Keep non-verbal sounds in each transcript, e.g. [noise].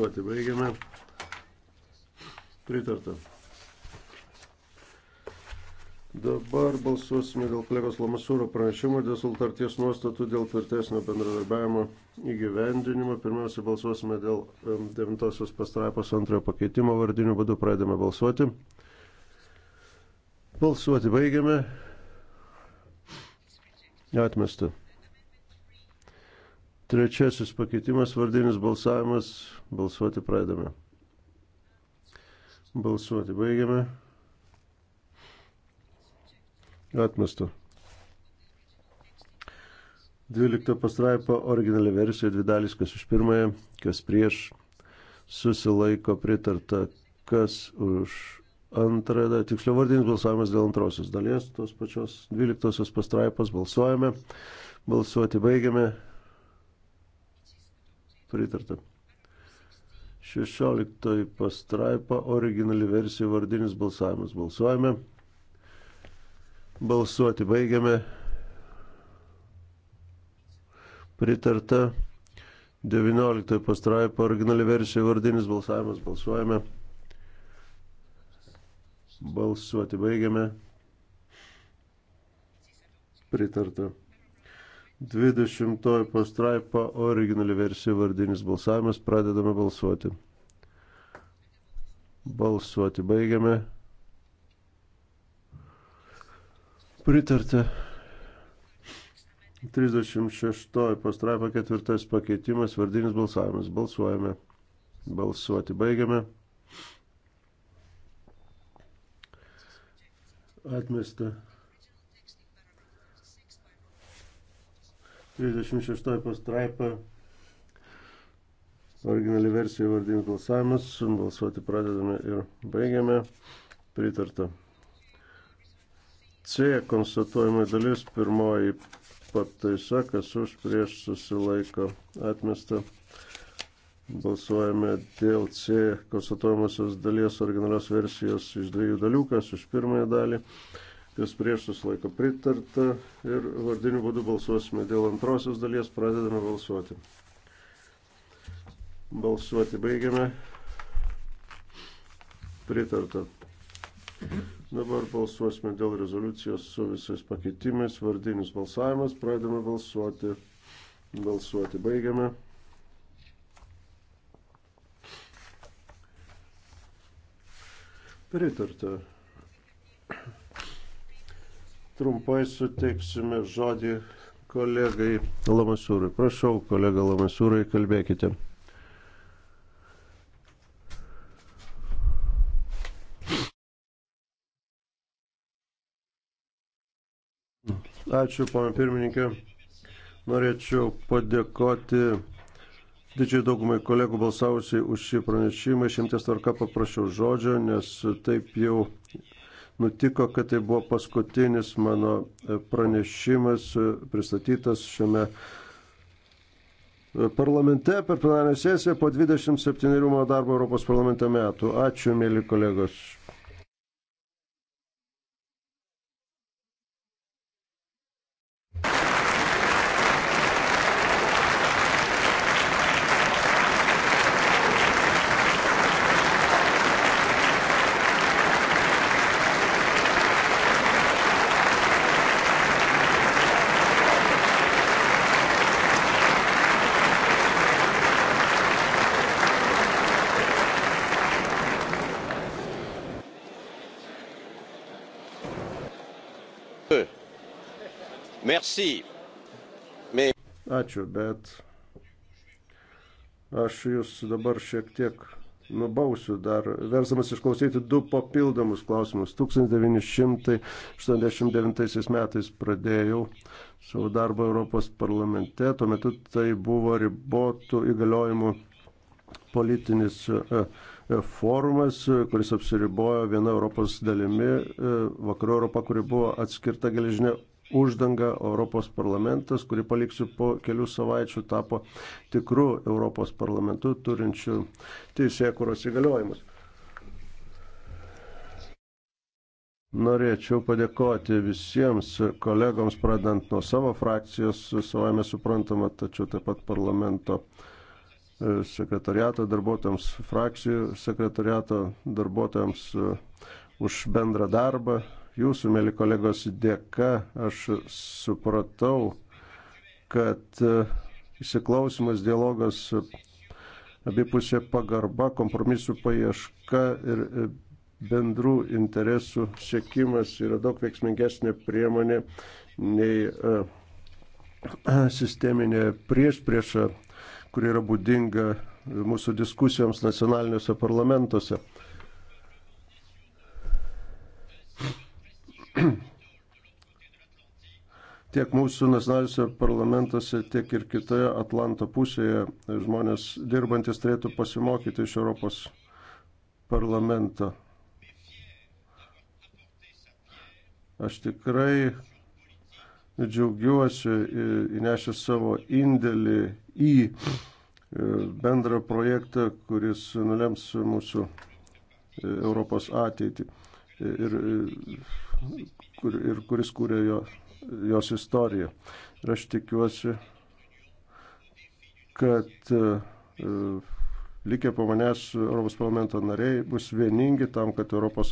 Balsuoti baigiame. Pritarta. Dabar balsuosime dėl kolegos Lamasūro pranešimo dėl sutarties nuostatų dėl tvirtesnio bendradarbiavimo įgyvendinimo. Pirmiausia, balsuosime dėl devintosios pastraipos antrojo pakeitimo vardinių būdų. Pradedame balsuoti. Balsuoti baigiame. Atmesta. Trečiasis pakeitimas, vardinis balsavimas. Balsuoti pradame. Balsuoti baigiame. Atmestu. 12 pastraipo originali versija, dvi dalys, kas už pirmąją, kas prieš, susilaiko pritarta, kas už antrąją, tiksliau vardinis balsavimas dėl antrosios dalies, tos pačios 12 pastraipos balsuojame, balsuoti baigiame, pritarta. 16 pastraipa, originali versija, vardinis balsavimas. Balsuojame. Balsuoti baigiame. Pritarta. 19 pastraipa, originali versija, vardinis balsavimas. Balsuojame. Balsuoti baigiame. Pritarta. 20 pastraipa originali versija vardinis balsavimas. Pradedame balsuoti. Balsuoti baigiame. Pritarta. 36 pastraipa ketvirtas pakeitimas vardinis balsavimas. Balsuojame. Balsuoti baigiame. Atmesta. 36 pastraipa. Originali versija vardinis balsavimas. Balsuoti pradedame ir baigiame. Pritarta. C konstatuojama dalis. Pirmoji pataisa, kas už prieš susilaiko atmesta. Balsuojame dėl C konstatuojamosios dalies originalios versijos iš dviejų dalių, kas už pirmąją dalį kas prieš susilaiko pritarta ir vardiniu būdu balsuosime dėl antrosios dalies, pradedame balsuoti. Balsuoti baigiame. Pritarta. Dabar balsuosime dėl rezoliucijos su visais pakeitimais. Vardinis balsavimas. Pradedame balsuoti. Balsuoti baigiame. Pritarta trumpai suteiksime žodį kolegai Lamasūrai. Prašau, kolega Lamasūrai, kalbėkite. Ačiū, pana pirmininkė. Norėčiau padėkoti didžiai daugumai kolegų balsavusiai už šį pranešimą. Šimties tvarka paprašiau žodžio, nes taip jau nutiko, kad tai buvo paskutinis mano e, pranešimas e, pristatytas šiame e, parlamente per plenarinę sesiją po 27 mano darbo Europos parlamente metų. Ačiū, mėly kolegos. Merci. Mais... Ačiū, bet aš jūs dabar šiek tiek nubausiu dar, versamas išklausyti du papildomus klausimus. 1989 metais pradėjau savo darbą Europos parlamente, tuo metu tai buvo ribotų įgaliojimų politinis e, e, forumas, kuris apsiribojo viena Europos dalimi, e, vakarų Europa, kuri buvo atskirta geležinė uždanga Europos parlamentas, kurį paliksiu po kelių savaičių, tapo tikrų Europos parlamentų turinčių teisėkuros įgaliojimus. Norėčiau padėkoti visiems kolegoms, pradant nuo savo frakcijos, savame suprantama, tačiau taip pat parlamento e, sekretariato darbuotojams, frakcijų sekretariato darbuotojams e, už bendrą darbą, jūsų, mėly kolegos, dėka aš supratau, kad e, įsiklausimas, dialogas, abipusė pagarba, kompromisų paieška ir e, bendrų interesų sėkimas yra daug veiksmingesnė priemonė nei uh, sisteminė priešprieša, kuri yra būdinga mūsų diskusijoms nacionaliniuose parlamentuose. [clears throat] tiek mūsų nacionaliniuose parlamentuose, tiek ir kitoje Atlanto pusėje žmonės dirbantis turėtų pasimokyti iš Europos parlamento. Aš tikrai džiaugiuosi įnešęs savo indėlį į e, bendrą projektą, kuris nulems mūsų e, Europos ateitį ir, kur, ir kuris kūrė jo, jos istoriją. Ir aš tikiuosi, kad e, likę po manęs Europos parlamento nariai bus vieningi tam, kad Europos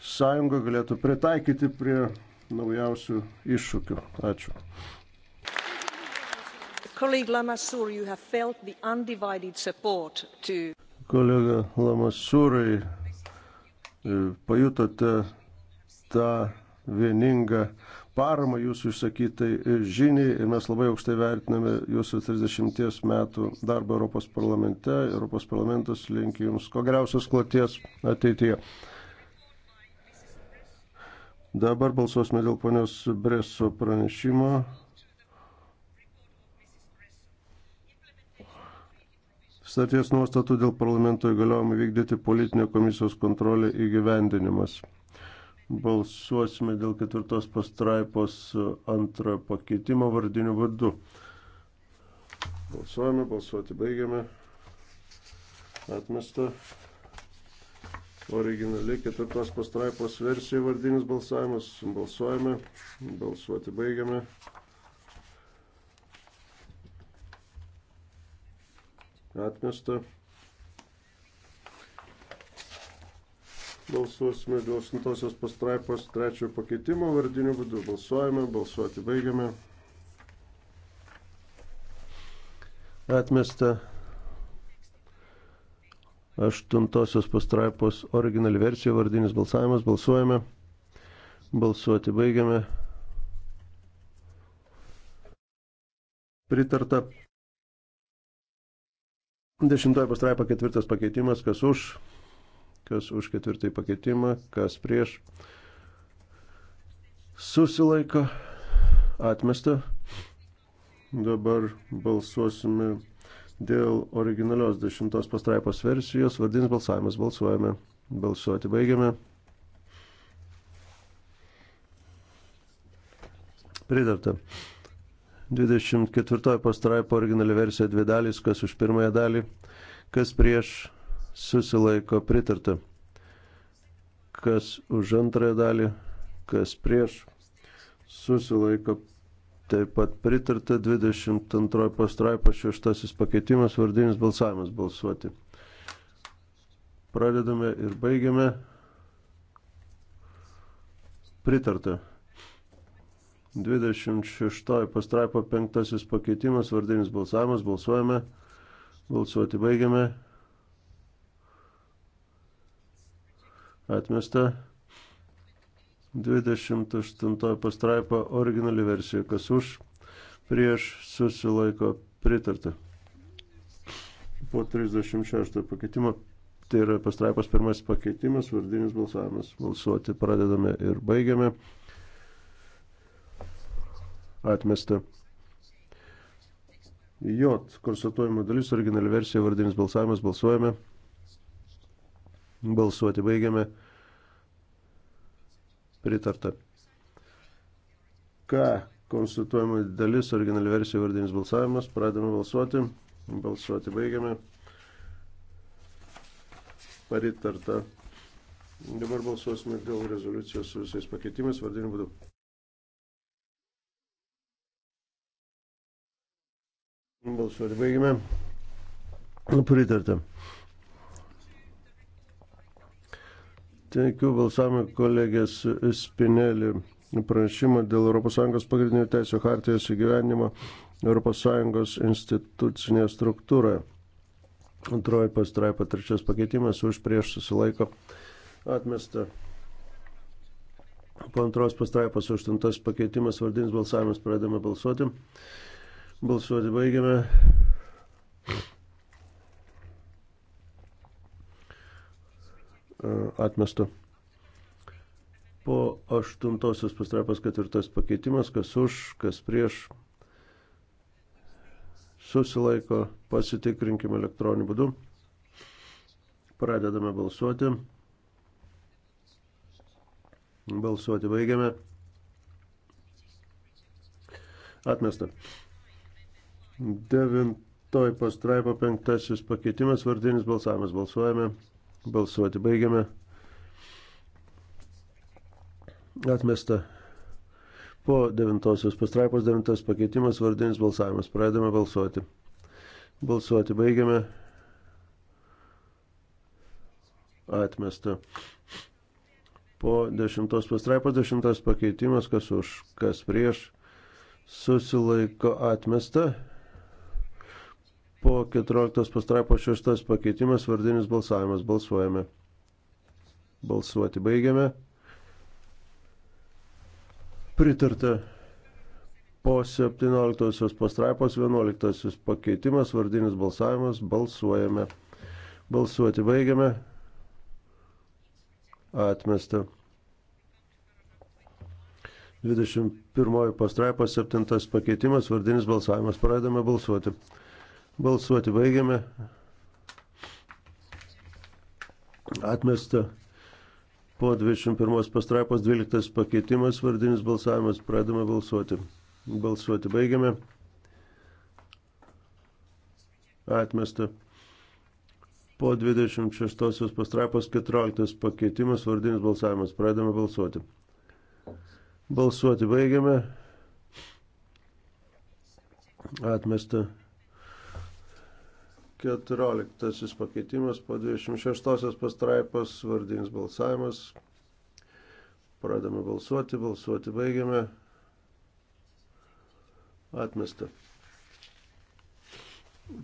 Sąjunga galėtų pritaikyti prie naujausių iššūkių. Ačiū. Kolega Lamasūrai, E, pajutote tą vieningą paramą jūsų išsakytai e, žiniai ir mes labai aukštai vertiname jūsų 30 metų darbą Europos parlamente. Europos parlamentas linki jums ko geriausios kloties ateityje. Dabar balsuosime dėl ponios Breso pranešimo. Staties nuostatų dėl parlamento įgaliojimų vykdyti politinę komisijos kontrolę įgyvendinimas. Balsuosime dėl ketvirtos pastraipos antrojo pakeitimo vardiniu vardu. Balsuojame, balsuoti baigiame. Atmesta originali ketvirtos pastraipos versija vardinis balsavimas. Balsuojame, balsuoti baigiame. atmesta. Balsuosime dėl 8 pastraipos trečiojo pakeitimo vardiniu būdu. Balsuojame, balsuoti baigiame. Atmesta 8 pastraipos originali versija vardinis balsavimas. Balsuojame, balsuoti baigiame. Pritarta Dešimtoji pastraipa ketvirtas pakeitimas, kas už, kas už ketvirtąjį pakeitimą, kas prieš. Susilaiko, atmesta. Dabar balsuosime dėl originalios dešimtos pastraipos versijos. Vardinis balsavimas, balsuojame. Balsuoti baigiame. Pridarta. 24 pastraipo originali versija dvi dalys, kas už pirmąją dalį, kas prieš susilaiko pritarta, kas už antrąją dalį, kas prieš susilaiko taip pat pritarta 22 pastraipo šeštasis pakeitimas, vardinis balsavimas balsuoti. Pradedame ir baigiame. Pritarta. 26 pastraipo 5 pakeitimas, vardinis balsavimas, balsuojame, balsuoti baigiame. Atmesta. 28 pastraipa originali versija, kas už, prieš susilaiko pritarta. Po 36 pakeitimo, tai yra pastraipos pirmasis pakeitimas, vardinis balsavimas, balsuoti pradedame ir baigiame atmesta. J. Konstatuojama dalis, originali versija, vardinis balsavimas, balsuojame. Balsuoti baigiame. Pritarta. K. Konstatuojama dalis, originali versija, vardinis balsavimas, pradame balsuoti. Balsuoti baigiame. Pritarta. Dabar balsuosime dėl rezoliucijos su visais pakeitimais, vardiniu būdu. Balsuoti baigime. Nu, pritarta. Teikiu balsavimą kolegės Spinelį pranešimą dėl ES pagrindinių teisų hartijos įgyvenimo ES institucinėje struktūroje. Antroji pastraipa, trečias pakeitimas už prieš susilaiko atmesta. Po antros pastraipos aštuntas pakeitimas vardinis balsavimas pradedame balsuoti. Balsuoti baigiame. E, atmestu. Po aštuntosios pastraipos ketvirtas pakeitimas, kas už, kas prieš, susilaiko, pasitikrinkime elektroniniu būdu. Pradedame balsuoti. Balsuoti baigiame. Atmesta. Devintoji pastraipa penktasis pakeitimas, vardinis balsavimas. Balsuojame, balsuoti baigiame. Atmesta. Po devintosios pastraipos devintas pakeitimas, vardinis balsavimas. Pradedame balsuoti. Balsuoti baigiame. Atmesta. Po dešimtos pastraipos dešimtas pakeitimas, kas už, kas prieš, susilaiko atmesta. Po 14 pastraipos 6 pakeitimas vardinis balsavimas. Balsuojame. Balsuoti baigiame. Pritarta. Po 17 pastraipos 11 pakeitimas vardinis balsavimas. Balsuojame. Balsuoti baigiame. Atmesta. 21 pastraipos 7 pakeitimas vardinis balsavimas. Pradedame balsuoti. Balsuoti baigiame. Atmesta po 21 pastraipos 12 pakeitimas, vardinis balsavimas, pradame balsuoti. Balsuoti baigiame. Atmesta po 26 pastraipos 14 pakeitimas, vardinis balsavimas, pradame balsuoti. Balsuoti baigiame. Atmesta 14 pakeitimas po 26 pastraipos vardinis balsavimas. Pradame balsuoti, balsuoti baigiame. Atmesta.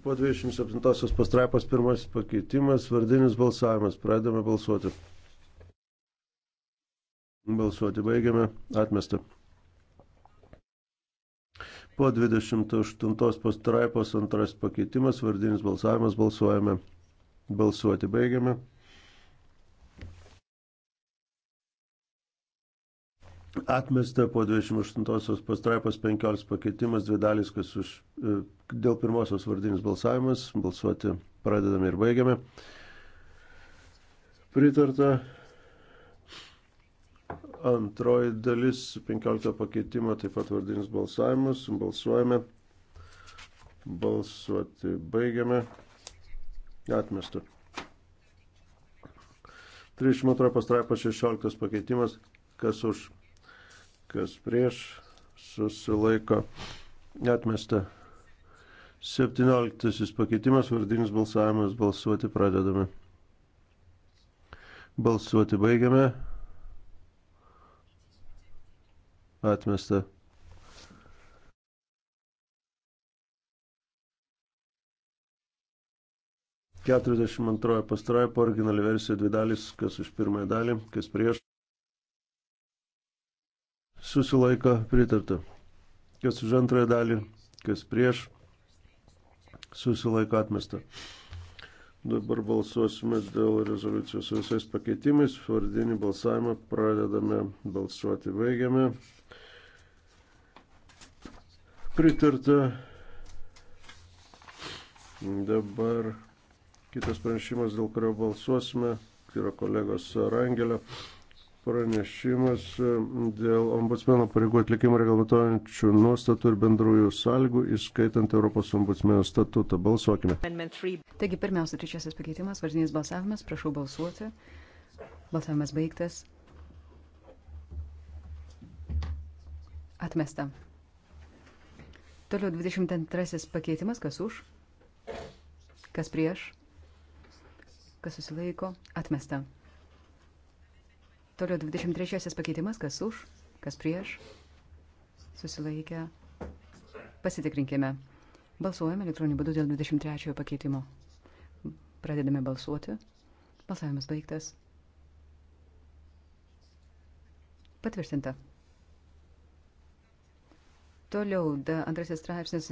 Po 27 pastraipos pirmasis pakeitimas, vardinis balsavimas. Pradame balsuoti. Balsuoti baigiame. Atmesta. Po 28 pastraipos antras pakeitimas, vardinis balsavimas, balsuojame. Balsuoti baigiame. Atmesta po 28 pastraipos 15 pakeitimas, dvi dalys, kas už, e, dėl pirmosios vardinis balsavimas, balsuoti pradedame ir baigiame. Pritarta Antroji dalis 15 pakeitimo, taip pat vardinis balsavimas. Balsuojame. Balsuoti baigiame. Atmestu. 32 pastraipas 16 pakeitimas. Kas už, kas prieš, susilaiko. Atmesta. 17 pakeitimas, vardinis balsavimas. Balsuoti pradedame. Balsuoti baigiame. atmesta. Keturiasdešimt antroje pastraipo originali versija dvi dalys, kas už pirmąją dalį, kas prieš. Susilaiko pritarta. Kas už antrąją dalį, kas prieš. Susilaiko atmesta. Dabar balsuosime dėl rezoliucijos visais pakeitimais. Vardinį balsavimą pradedame balsuoti, baigiame pritarta. Dabar kitas pranešimas, dėl kurio balsuosime, tai yra kolegos Rangelio pranešimas e, dėl ombudsmeno pareigų atlikimo reglamentuojančių nuostatų ir bendrųjų sąlygų, įskaitant Europos ombudsmeno statutą. Balsuokime. Taigi, pirmiausia, trečiasis pakeitimas, vardinis balsavimas, prašau balsuoti. Balsavimas baigtas. Atmesta. Toliau 22 pakeitimas, kas už, kas prieš, kas susilaiko, atmesta. Toliau 23 pakeitimas, kas už, kas prieš, susilaikę. Pasitikrinkime. Balsuojame elektroniniu būdu dėl 23 pakeitimo. Pradedame balsuoti. Balsavimas baigtas. Patvirtinta. Toliau, da, antrasis straipsnis,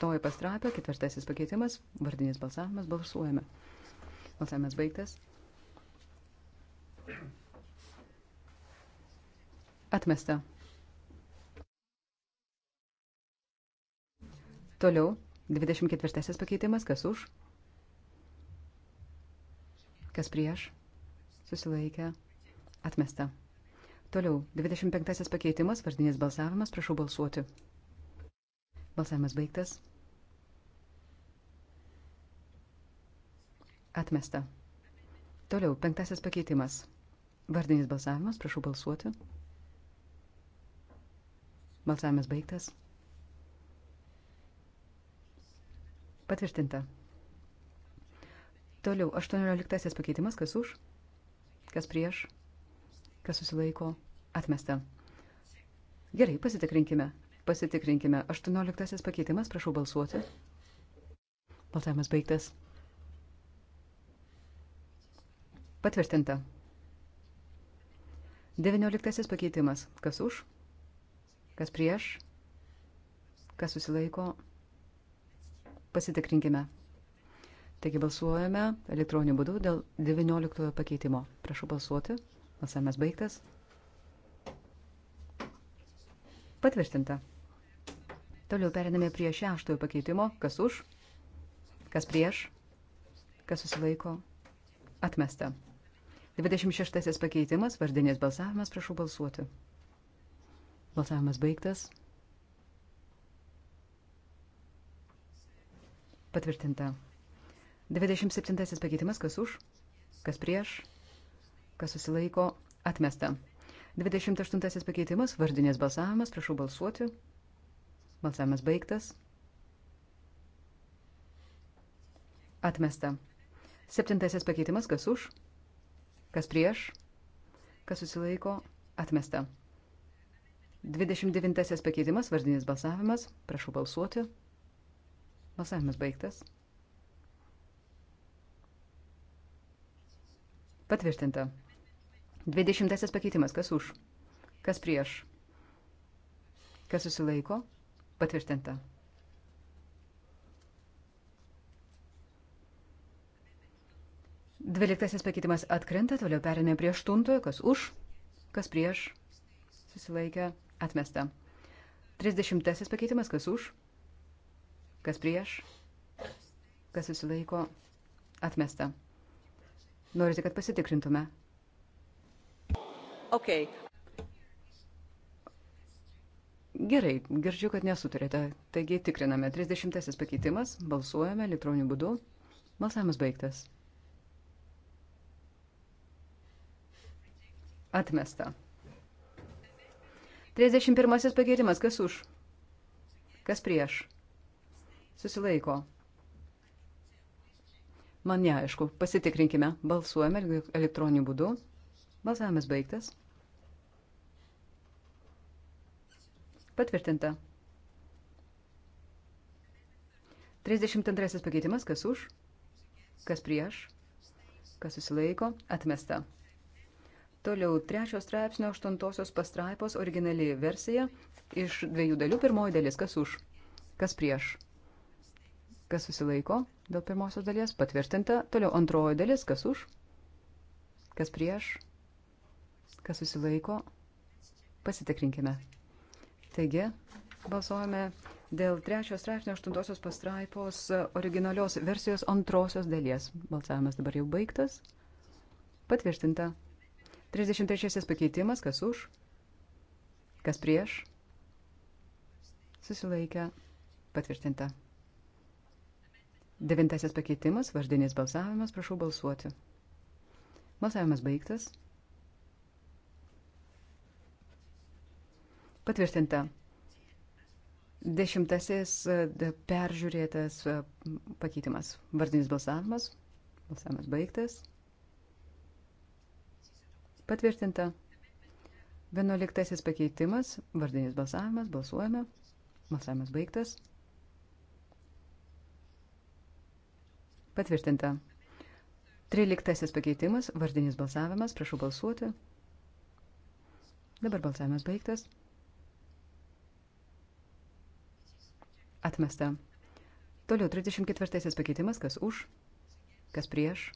toji pastrapė, ketvirtasis pakeitimas, vardinis balsavimas, balsuojame. Balsavimas baigtas. Atmesta. Toliau, 24 pakeitimas, kas už? Kas prieš? Susilaikė. Atmesta. Toliau, 25 pakeitimas, vardinis balsavimas, prašau balsuoti. Balsavimas baigtas. Atmesta. Toliau, penktasis pakeitimas. Vardinis balsavimas, prašau balsuoti. Balsavimas baigtas. Patvirtinta. Toliau, aštuonioliktasis pakeitimas, kas už, kas prieš, kas susilaiko, atmesta. Gerai, pasitikrinkime pasitikrinkime. 18 pakeitimas, prašau balsuoti. Balsavimas baigtas. Patvirtinta. 19 pakeitimas. Kas už? Kas prieš? Kas susilaiko? Pasitikrinkime. Taigi balsuojame elektroniniu būdu dėl 19 pakeitimo. Prašau balsuoti. Balsavimas baigtas. Patvirtinta. Toliau periname prie šeštojo pakeitimo. Kas už? Kas prieš? Kas susilaiko? Atmesta. 26 pakeitimas, vardinės balsavimas, prašau balsuoti. Balsavimas baigtas. Patvirtinta. 27 pakeitimas, kas už? Kas prieš? Kas susilaiko? Atmesta. 28 pakeitimas, vardinės balsavimas, prašau balsuoti. Balsavimas baigtas. Atmesta. Septintasis pakeitimas, kas už, kas prieš, kas susilaiko, atmesta. Dvidešimt devintasis pakeitimas, vardinis balsavimas, prašau balsuoti. Balsavimas baigtas. Patvirtinta. Dvidešimtasis pakeitimas, kas už, kas prieš, kas susilaiko, atmesta. Patvirtinta. Dvyliktasis pakeitimas atkrenta, toliau perėmė prie aštuntojo, kas už, kas prieš, susilaikė, atmesta. Trisdešimtasis pakeitimas, kas už, kas prieš, kas susilaiko, atmesta. Norite, kad pasitikrintume? Okay. Gerai, girdžiu, kad nesutarėte. Taigi tikriname. 30 pakeitimas. Balsuojame elektroniniu būdu. Balsavimas baigtas. Atmesta. 31 pakeitimas. Kas už? Kas prieš? Susilaiko. Man neaišku. Pasitikrinkime. Balsuojame elektroniniu būdu. Balsavimas baigtas. Patvirtinta. 32 pakeitimas, kas už, kas prieš, kas susilaiko, atmesta. Toliau trečios straipsnio aštuntosios pastraipos originali versija iš dviejų dalių. Pirmoji dalis, kas už, kas prieš, kas susilaiko dėl pirmosios dalies, patvirtinta. Toliau antroji dalis, kas už, kas prieš, kas susilaiko, pasitikrinkime. Taigi, balsuojame dėl trečios straipsnio aštuntosios pastraipos originalios versijos antrosios dalies. Balsavimas dabar jau baigtas. Patvirtinta. 33 pakeitimas, kas už, kas prieš, susilaikę, patvirtinta. Devintasis pakeitimas, vardinis balsavimas, prašau balsuoti. Balsavimas baigtas. Patvirtinta. Dešimtasis e, peržiūrėtas e, pakeitimas. Vardinis balsavimas. Balsavimas baigtas. Patvirtinta. Vienuoliktasis pakeitimas. Vardinis balsavimas. Balsuojame. Balsavimas baigtas. Patvirtinta. Tryliktasis pakeitimas. Vardinis balsavimas. Prašau balsuoti. Dabar balsavimas baigtas. Atmesta. Toliau 34 pakeitimas, kas už, kas prieš,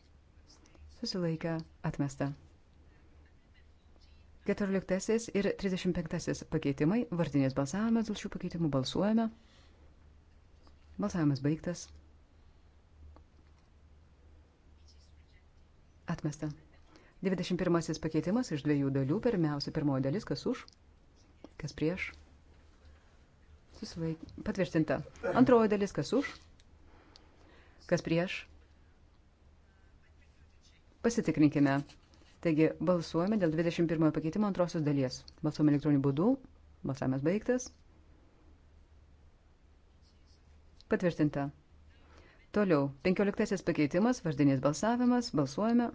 susilaikę, atmesta. 14 ir 35 pakeitimai, vardinės balsavimas dėl šių pakeitimų balsuojame. Balsavimas baigtas. Atmesta. 21 pakeitimas iš dviejų dalių, pirmiausia pirmoji dalis, kas už, kas prieš, susilaik... patvirtinta. Antroji dalis, kas už, kas prieš. Pasitikrinkime. Taigi balsuojame dėl 21 pakeitimo antrosios dalies. Balsuojame elektroniniu būdu. Balsavimas baigtas. Patvirtinta. Toliau. 15 pakeitimas, vardinis balsavimas. Balsuojame.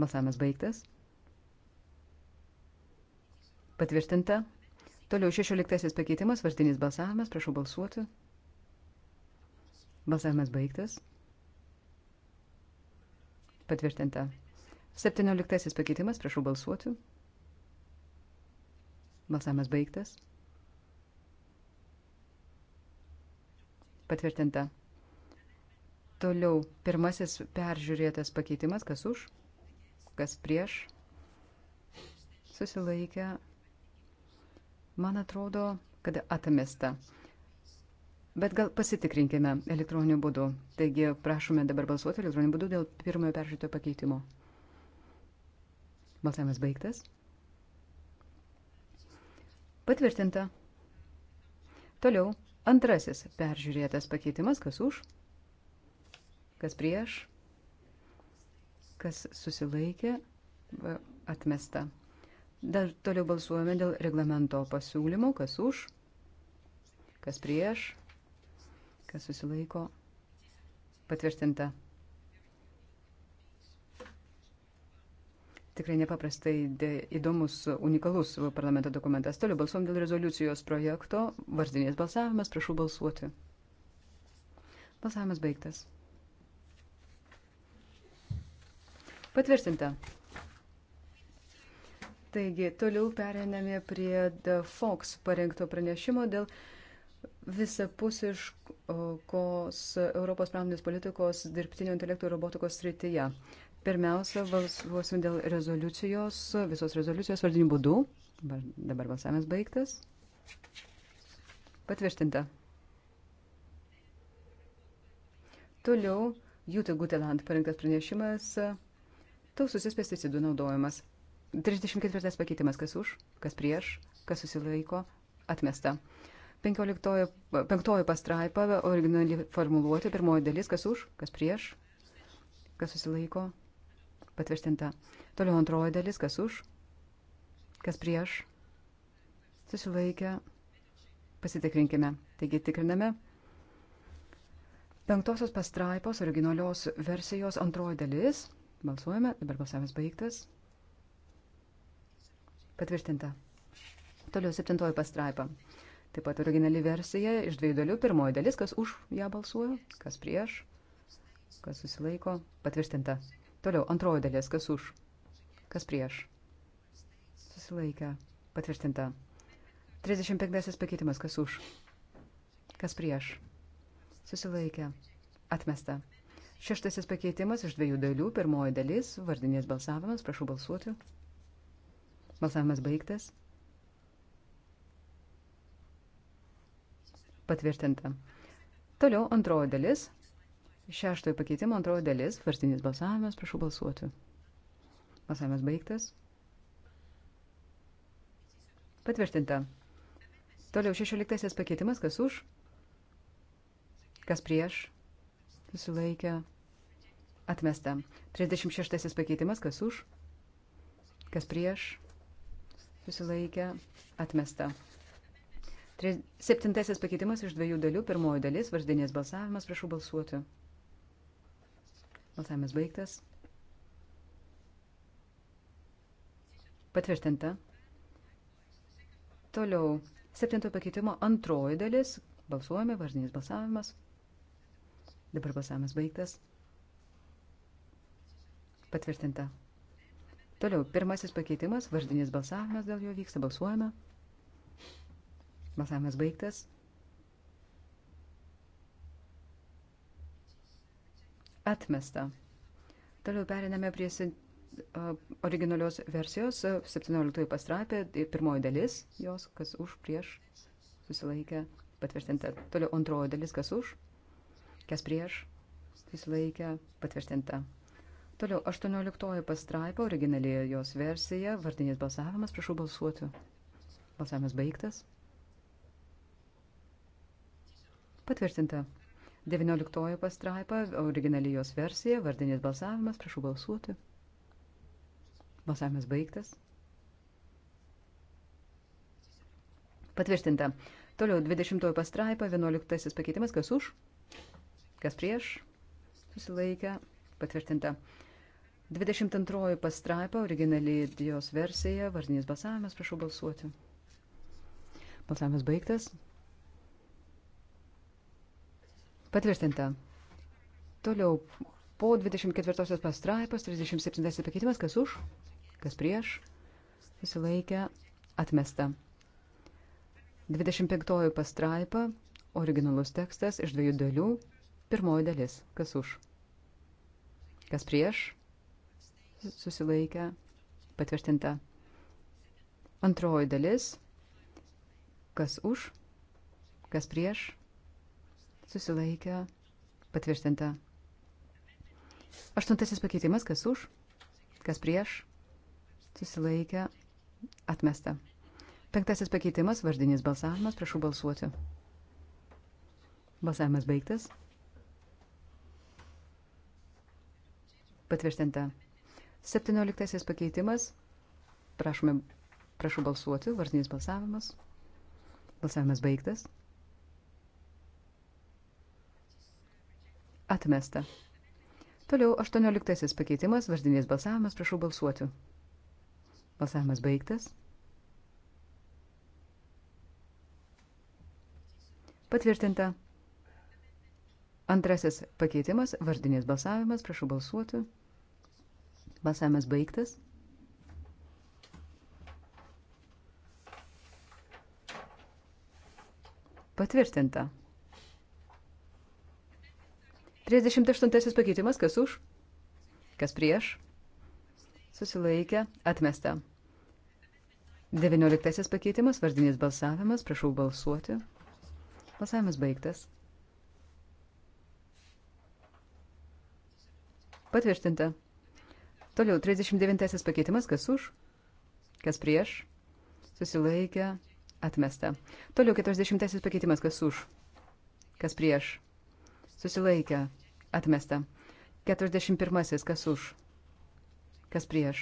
Balsavimas baigtas. Patvirtinta. Toliau 16 pakeitimas, vardinis balsavimas, prašau balsuoti. Balsavimas baigtas. Patvirtinta. 17 pakeitimas, prašau balsuoti. Balsavimas baigtas. Patvirtinta. Toliau pirmasis peržiūrėtas pakeitimas, kas už, kas prieš, susilaikę Man atrodo, kad atmesta. Bet gal pasitikrinkime elektroniniu būdu. Taigi prašome dabar balsuoti elektroniniu būdu dėl pirmojo peržiūrėto pakeitimo. Balsavimas baigtas. Patvirtinta. Toliau antrasis peržiūrėtas pakeitimas, kas už, kas prieš, kas susilaikė, atmesta. Dar toliau balsuojame dėl reglamento pasiūlymų, kas už, kas prieš, kas susilaiko. Patvirtinta. Tikrai nepaprastai įdomus, unikalus parlamento dokumentas. Toliau balsuom dėl rezoliucijos projekto. Vardinės balsavimas, prašau balsuoti. Balsavimas baigtas. Patvirtinta. Taigi, toliau perėmėme prie The Fox parengto pranešimo dėl visapusiškos Europos pramonės politikos dirbtinio intelektų ir robotikos srityje. Pirmiausia, balsuosim dėl rezoliucijos, visos rezoliucijos vardinių būdų. Dabar balsavimas baigtas. Patvirtinta. Toliau, Jūta Gutelant parengtas pranešimas, taususis pesticidų naudojimas. 34 pakeitimas, kas už, kas prieš, kas susilaiko, atmesta. 15, 5 pastraipa, originali formuluoti, pirmoji dalis, kas už, kas prieš, kas susilaiko, patvirtinta. Toliau antroji dalis, kas už, kas prieš, susilaikę, pasitikrinkime. Taigi tikriname. Penktosios pastraipos originalios versijos antroji dalis. Balsuojame, dabar balsavimas baigtas. Patvirtinta. Toliau septintoji pastraipa. Taip pat originali versija iš dviejų dalių. Pirmoji dalis, kas už ją balsuoja, kas prieš, kas susilaiko. Patvirtinta. Toliau antroji dalis, kas už, kas prieš. Susilaikę. Patvirtinta. 35 pakeitimas, kas už, kas prieš. Susilaikę. Atmesta. Šeštasis pakeitimas iš dviejų dalių. Pirmoji dalis, vardinės balsavimas, prašau balsuoti. Balsavimas baigtas. Patvirtinta. Toliau antroji dalis. Šeštojo pakeitimo antroji dalis. Varstinis balsavimas. Prašau balsuoti. Balsavimas baigtas. Patvirtinta. Toliau šešioliktasis pakeitimas. Kas už? Kas prieš? Susilaikė. Atmesta. 36 pakeitimas. Kas už? Kas prieš? susilaikė, atmesta. Tre... Septintasis pakeitimas iš dviejų dalių. Pirmoji dalis, vardinės balsavimas, prašau balsuoti. Balsavimas baigtas. Patvirtinta. Toliau. Septinto pakeitimo antroji dalis. Balsuojame, vardinis balsavimas. Dabar balsavimas baigtas. Patvirtinta. Toliau, pirmasis pakeitimas, vardinis balsavimas dėl jo vyksta, balsuojame. Balsavimas baigtas. Atmesta. Toliau periname prie originalios versijos, 17 pastrapė, tai pirmoji dalis jos, kas už, prieš, susilaikė, patvirtinta. Toliau antroji dalis, kas už, kas prieš, susilaikė, patvirtinta. Toliau, 18 pastraipa, originalėje jos versija, vardinės balsavimas, prašau balsuoti. Balsavimas baigtas. Patvirtinta. 19 pastraipa, originalėje jos versija, vardinės balsavimas, prašau balsuoti. Balsavimas baigtas. Patvirtinta. Toliau, 20 pastraipa, 11 pakeitimas, kas už, kas prieš, susilaikę, patvirtinta. 22 pastraipa, originali jos versija, vardinis balsavimas, prašau balsuoti. Balsavimas baigtas. Patvirtinta. Toliau po 24 pastraipos 37 pakeitimas, kas už, kas prieš, susilaikė, atmesta. 25 pastraipa, originalus tekstas iš dviejų dalių, pirmoji dalis, kas už, Kas prieš? Susilaikę. Patvirtinta. Antroji dalis. Kas už? Kas prieš? Susilaikę. Patvirtinta. Aštuntasis pakeitimas. Kas už? Kas prieš? Susilaikę. Atmesta. Penktasis pakeitimas. Vardinis balsavimas. Prašau balsuoti. Balsavimas baigtas. Patvirtinta. 17 pakeitimas. Prašome, prašau balsuoti. Vardinis balsavimas. Balsavimas baigtas. Atmesta. Toliau 18 pakeitimas, vardinės balsavimas, prašau balsuoti. Balsavimas baigtas. Patvirtinta. Antrasis pakeitimas, vardinės balsavimas, prašau balsuoti. Balsavimas baigtas. Patvirtinta. 38 pakeitimas, kas už, kas prieš, susilaikė, atmesta. 19 pakeitimas, vardinis balsavimas, prašau balsuoti. Balsavimas baigtas. Patvirtinta. Toliau 39 pakeitimas, kas už, kas prieš, susilaikė, atmesta. Toliau 40 pakeitimas, kas už, kas prieš, susilaikė, atmesta. 41 kas už, kas prieš,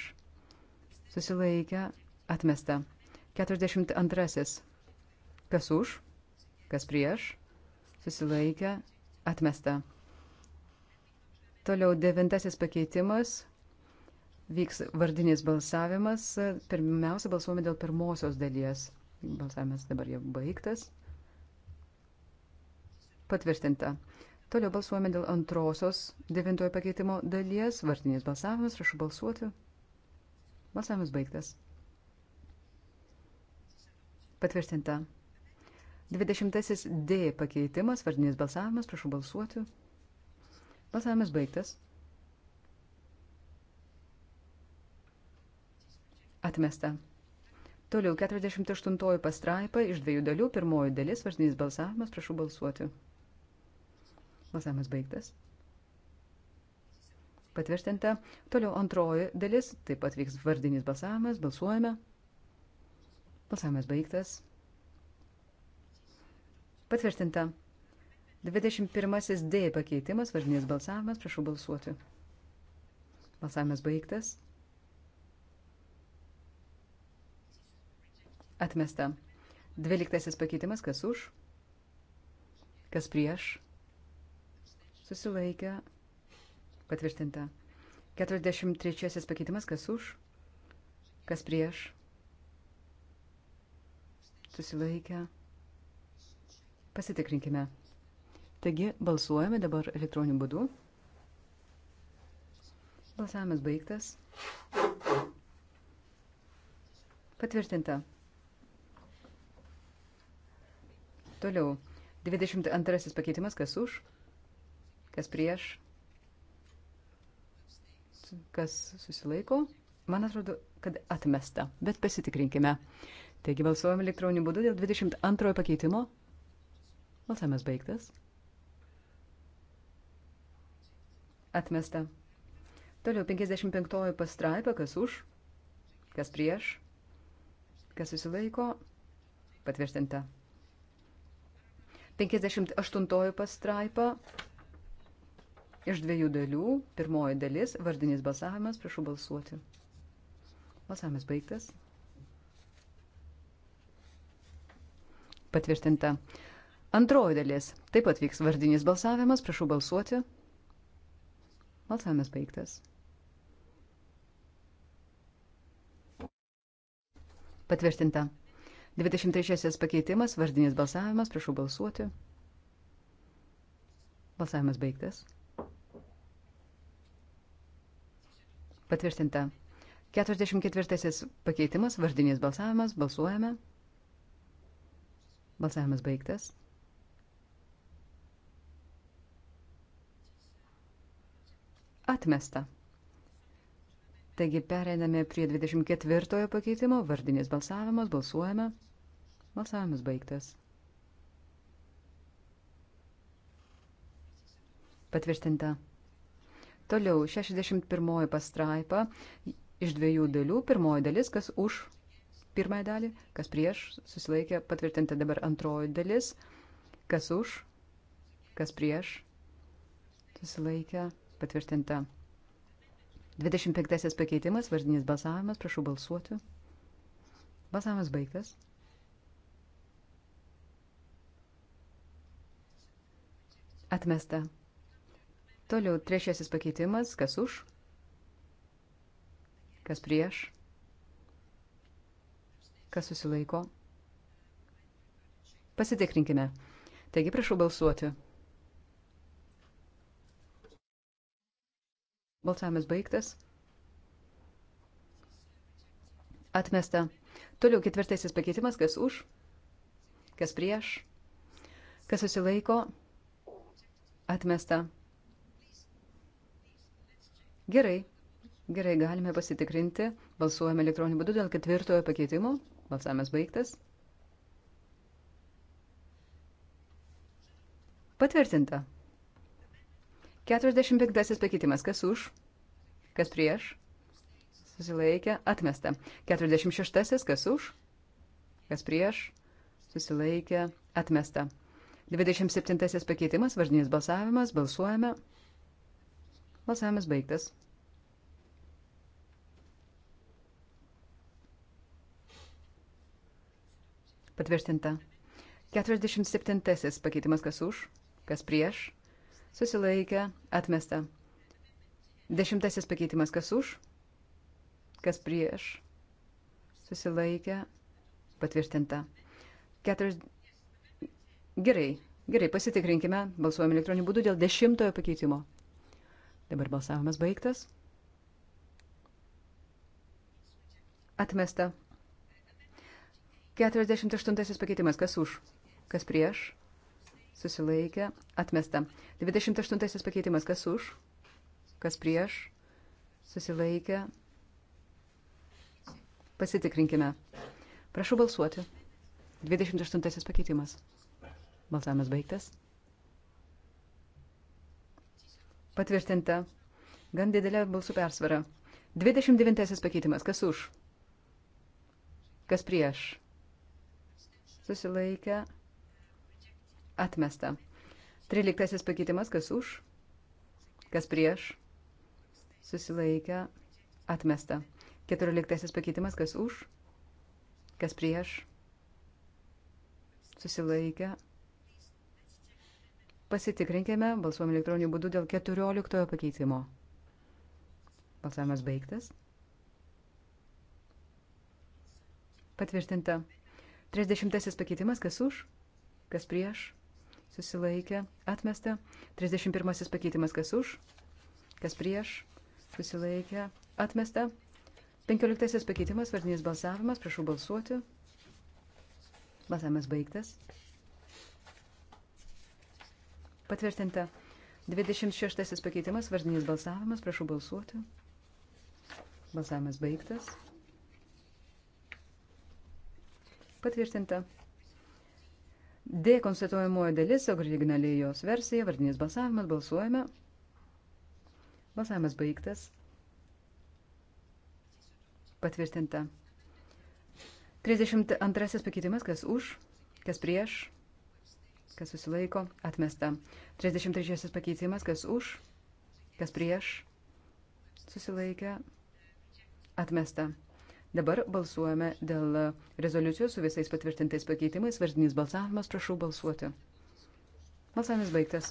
susilaikė, atmesta. 42 kas už, kas prieš, susilaikė, atmesta. Toliau devintasis pakeitimas. Vyks vardinis balsavimas. Pirmiausia, balsuojame dėl pirmosios dalies. Balsavimas dabar jau baigtas. Patvirtinta. Toliau balsuojame dėl antrosios devintojo pakeitimo dalies. Vardinis balsavimas. Rašau balsuoti. Balsavimas baigtas. Patvirtinta. 20 D pakeitimas. Vardinis balsavimas. Prašau balsuoti. Balsavimas baigtas. Atmesta. Toliau 48 pastraipa iš dviejų dalių. Pirmoji dalis, vardinis balsavimas, prašau balsuoti. Balsavimas baigtas. Patvirtinta. Toliau antroji dalis, taip pat vyks vardinis balsavimas, balsuojame. Balsavimas baigtas. Patvirtinta. 21 D pakeitimas, vardinės balsavimas, prašau balsuoti. Balsavimas baigtas. Atmesta. 12 pakeitimas, kas už, kas prieš, susilaikė, patvirtinta. 43 pakeitimas, kas už, kas prieš, susilaikė. Pasitikrinkime. Taigi balsuojame dabar elektroniniu būdu. Balsavimas baigtas. Patvirtinta. Toliau. 22 pakeitimas, kas už, kas prieš, kas susilaiko. Man atrodo, kad atmesta, bet pasitikrinkime. Taigi balsuojame elektroniniu būdu dėl 22 pakeitimo. Balsavimas baigtas. Atmesta. Toliau 55 pastraipa, kas už, kas prieš, kas susilaiko, patvirtinta. 58 pastraipa iš dviejų dalių. Pirmoji dalis - vardinis balsavimas, prašau balsuoti. Balsavimas baigtas. Patvirtinta. Antroji dalis - taip pat vyks vardinis balsavimas, prašau balsuoti. Balsavimas baigtas. Patvirtinta. 23 pakeitimas, vardinis balsavimas, prašau balsuoti. Balsavimas baigtas. Patvirtinta. 44 pakeitimas, vardinis balsavimas, balsuojame. Balsavimas baigtas. Atmesta. Taigi pereiname prie 24 pakeitimo. Vardinis balsavimas. Balsuojame. Balsavimas baigtas. Patvirtinta. Toliau 61 pastraipa iš dviejų dalių. Pirmoji dalis, kas už pirmąją dalį, kas prieš, susilaikė patvirtinta dabar antroji dalis, kas už, kas prieš, susilaikė patvirtinta. Patvirtinta. 25 pakeitimas, vardinis balsavimas, prašau balsuoti. Balsavimas baigtas. Atmesta. Toliau trečiasis pakeitimas, kas už, kas prieš, kas susilaiko. Pasitikrinkime. Taigi prašau balsuoti. Balsavimas baigtas. Atmesta. Toliau ketvirtasis pakeitimas, kas už, kas prieš, kas susilaiko, atmesta. Gerai, gerai, galime pasitikrinti. Balsuojame elektroniniu būdu dėl ketvirtojo pakeitimo. Balsavimas baigtas. Patvirtinta. 45 pakeitimas. Kas už? Kas prieš? Susilaikė. Atmesta. 46. Kas už? Kas prieš? Susilaikė. Atmesta. 27 pakeitimas. Vardinis balsavimas. Balsuojame. Balsavimas baigtas. Patvirtinta. 47 pakeitimas. Kas už? Kas prieš? susilaikė, atmesta. Dešimtasis pakeitimas, kas už, kas prieš, susilaikė, patvirtinta. Keturis... Gerai, gerai, pasitikrinkime, balsuojame elektroniniu būdu dėl dešimtojo pakeitimo. Dabar balsavimas baigtas. Atmesta. 48 pakeitimas, kas už, kas prieš, susilaikė, atmesta. 28 pakeitimas, kas už, kas prieš, susilaikė, pasitikrinkime. Prašau balsuoti. 28 pakeitimas. Balsavimas baigtas. Patvirtinta. Gan didelė balsų persvara. 29 pakeitimas. Kas už? Kas prieš? Susilaikę atmesta. Tryliktasis pakeitimas, kas už, kas prieš, susilaikę, atmesta. Keturioliktasis pakeitimas, kas už, kas prieš, susilaikę. Pasitikrinkime, balsuom elektroniniu būdu dėl keturioliktojo pakeitimo. Balsavimas baigtas. Patvirtinta. Trisdešimtasis pakeitimas, kas už, kas prieš, susilaikė, atmesta. 31 pakeitimas kas už, kas prieš, susilaikė, atmesta. 15 pakeitimas, vardinis balsavimas, prašau balsuoti. Balsavimas baigtas. Patvirtinta. 26 pakeitimas, vardinis balsavimas, prašau balsuoti. Balsavimas baigtas. Patvirtinta. D konstatuojamoji dalis, originaliai jos versija, vardinis balsavimas, balsuojame. Balsavimas baigtas. Patvirtinta. 32 pakeitimas, kas už, kas prieš, kas susilaiko, atmesta. 33 pakeitimas, kas už, kas prieš, susilaikė, atmesta. Dabar balsuojame dėl rezoliucijos su visais patvirtintais pakeitimais. Vardinis balsavimas, prašau balsuoti. Balsavimas baigtas.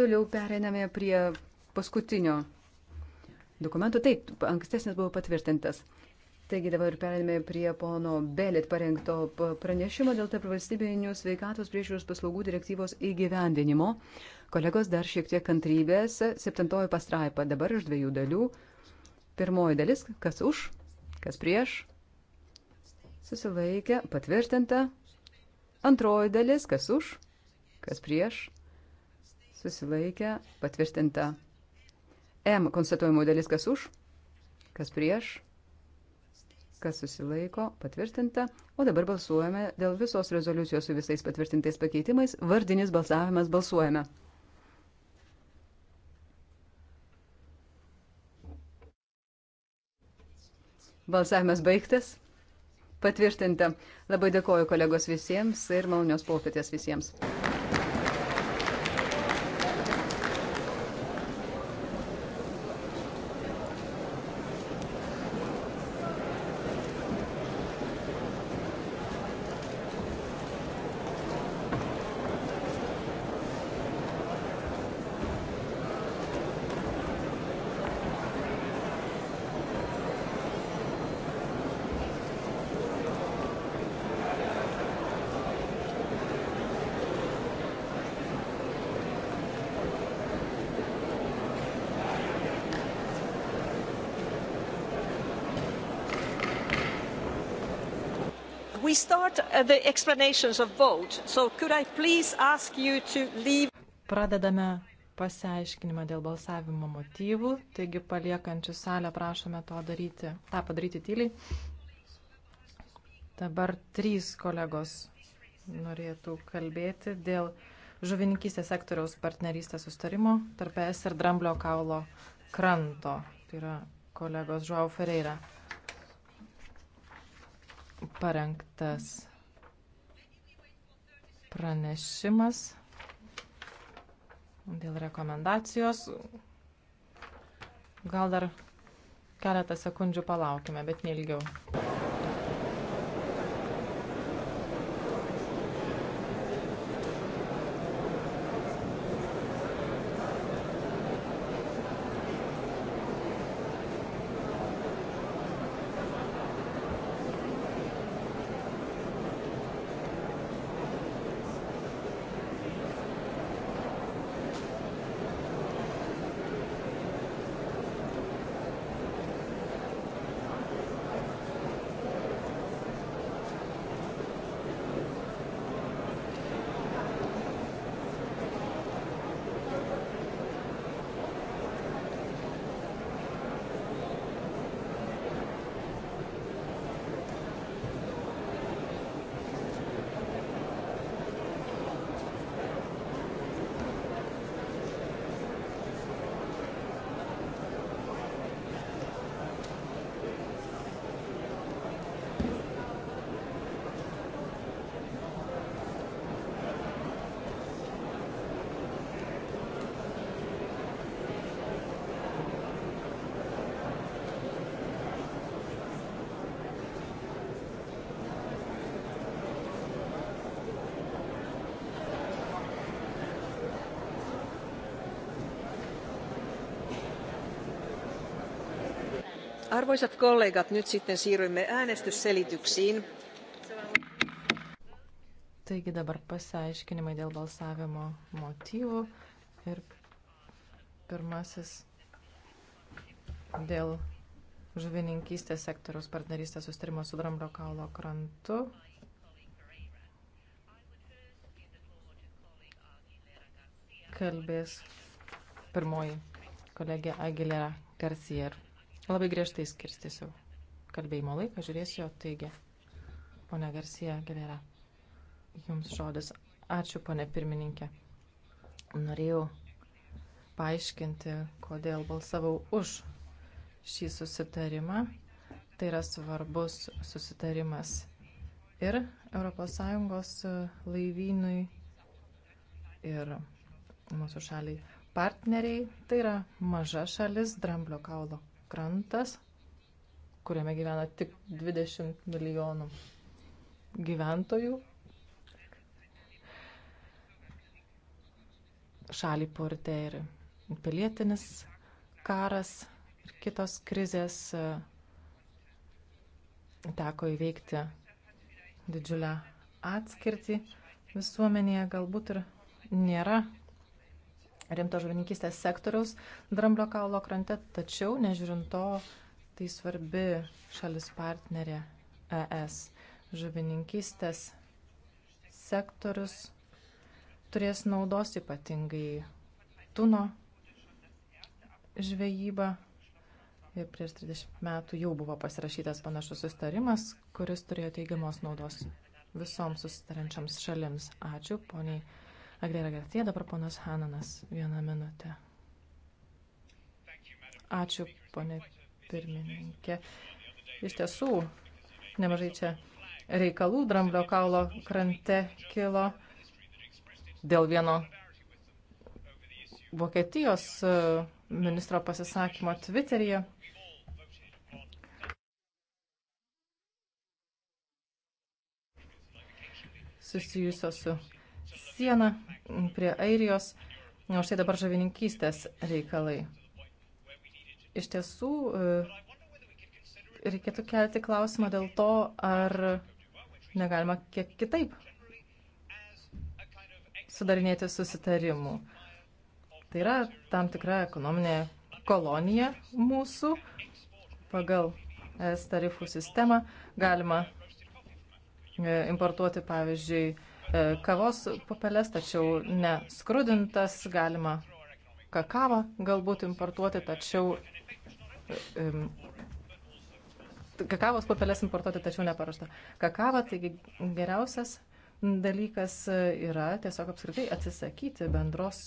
Toliau pereiname prie paskutinio dokumento. Taip, ankstesnis buvo patvirtintas. Taigi dabar perėmė prie pono Belit parengto pranešimo dėl tarp valstybinių sveikatos priežiūros paslaugų direktyvos įgyvendinimo. Kolegos, dar šiek tiek kantrybės. Septintoji pastraipa dabar iš dviejų dalių. Pirmoji dalis, kas už, kas prieš. Susilaikė, patvirtinta. Antroji dalis, kas už, kas prieš. Susilaikė, patvirtinta. M konstatuojimo dalis, kas už, kas prieš kas susilaiko, patvirtinta. O dabar balsuojame dėl visos rezoliucijos su visais patvirtintais pakeitimais. Vardinis balsavimas balsuojame. Balsavimas baigtas. Patvirtinta. Labai dėkoju kolegos visiems ir malonios popietės visiems. we start uh, the explanations of vote, so could I please ask you to leave? Pradedame pasiaiškinimą dėl balsavimo motyvų, taigi paliekančių salę prašome to daryti, tą padaryti tyliai. Dabar trys kolegos norėtų kalbėti dėl žuvininkystės sektoriaus partnerystės sustarimo tarp ES ir Dramblio kaulo kranto. Tai yra kolegos Žuau Ferreira parengtas pranešimas dėl rekomendacijos. Gal dar keletą sekundžių palaukime, bet neilgiau. Arvoisat kollegat, nyt sitten siirrymme äänestysselityksiin. Taigi dabar pasiaiškinimai dėl balsavimo motyvų ir pirmasis dėl žuvininkystės sektoriaus partnerystės sustarimo su Dramblio kaulo krantu. Kalbės pirmoji kolegė Agilera Garcier. Labai griežtai skirstysiu kalbėjimo laiką, žiūrėsiu, taigi, ponia Garcia Gerera, jums žodis. Ačiū, ponia pirmininkė. Norėjau paaiškinti, kodėl balsavau už šį susitarimą. Tai yra svarbus susitarimas ir ES laivynui, ir mūsų šaliai partneriai. Tai yra maža šalis dramblio kaulo krantas, kuriame gyvena tik 20 milijonų gyventojų. Šalį portė ir pilietinis karas ir kitos krizės e, teko įveikti didžiulę atskirtį visuomenėje. Galbūt ir nėra rimto žuvininkystės sektoriaus Dramblio kaulo krante, tačiau nežiūrint to, tai svarbi šalis partnerė ES. Žuvininkystės sektorius turės naudos ypatingai tuno žvejybą. Ir prieš 30 metų jau buvo pasirašytas panašus sustarimas, kuris turėjo teigiamos naudos visoms susitarančiams šalims. Ačiū, poniai. Agrera Garcija, dabar ponas Hananas, vieną minutę. Ačiū, ponė pirmininkė. Iš tiesų, nemažai čia reikalų dramblio kaulo krante kilo dėl vieno Vokietijos e, ministro pasisakymo Twitteryje. susijusio su sieną prie Airijos, o štai dabar žavininkystės reikalai. Iš tiesų, e, reikėtų kelti klausimą dėl to, ar negalima kiek kitaip sudarinėti susitarimų. Tai yra tam tikra ekonominė kolonija mūsų pagal S tarifų sistemą. Galima e, importuoti, pavyzdžiui, E, kavos pupeles, tačiau neskrudintas, galima kakavą galbūt importuoti, tačiau e, kakavos pupeles importuoti, tačiau neparuoštą kakavą, taigi geriausias dalykas e, yra tiesiog apskritai atsisakyti bendros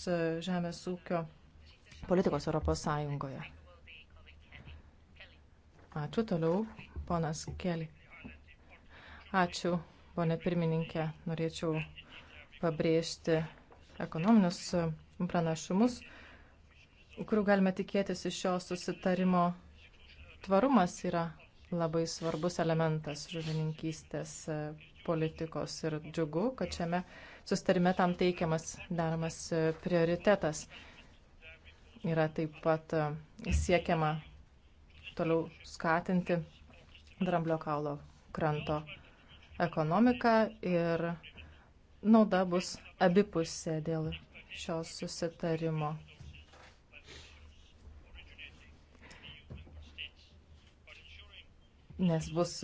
žemės ūkio politikos Europos Sąjungoje. Ačiū toliau, ponas Keli. Ačiū, Pone pirmininkė, norėčiau pabrėžti ekonominius pranašumus, kurių galime tikėtis iš šio susitarimo. Tvarumas yra labai svarbus elementas žuvininkystės e, politikos ir džiugu, kad šiame sustarime tam teikiamas daromas e, prioritetas. Yra taip pat e, siekiama toliau skatinti dramblio kaulo kranto ekonomiką ir nauda bus abipusė dėl šios susitarimo. Nes bus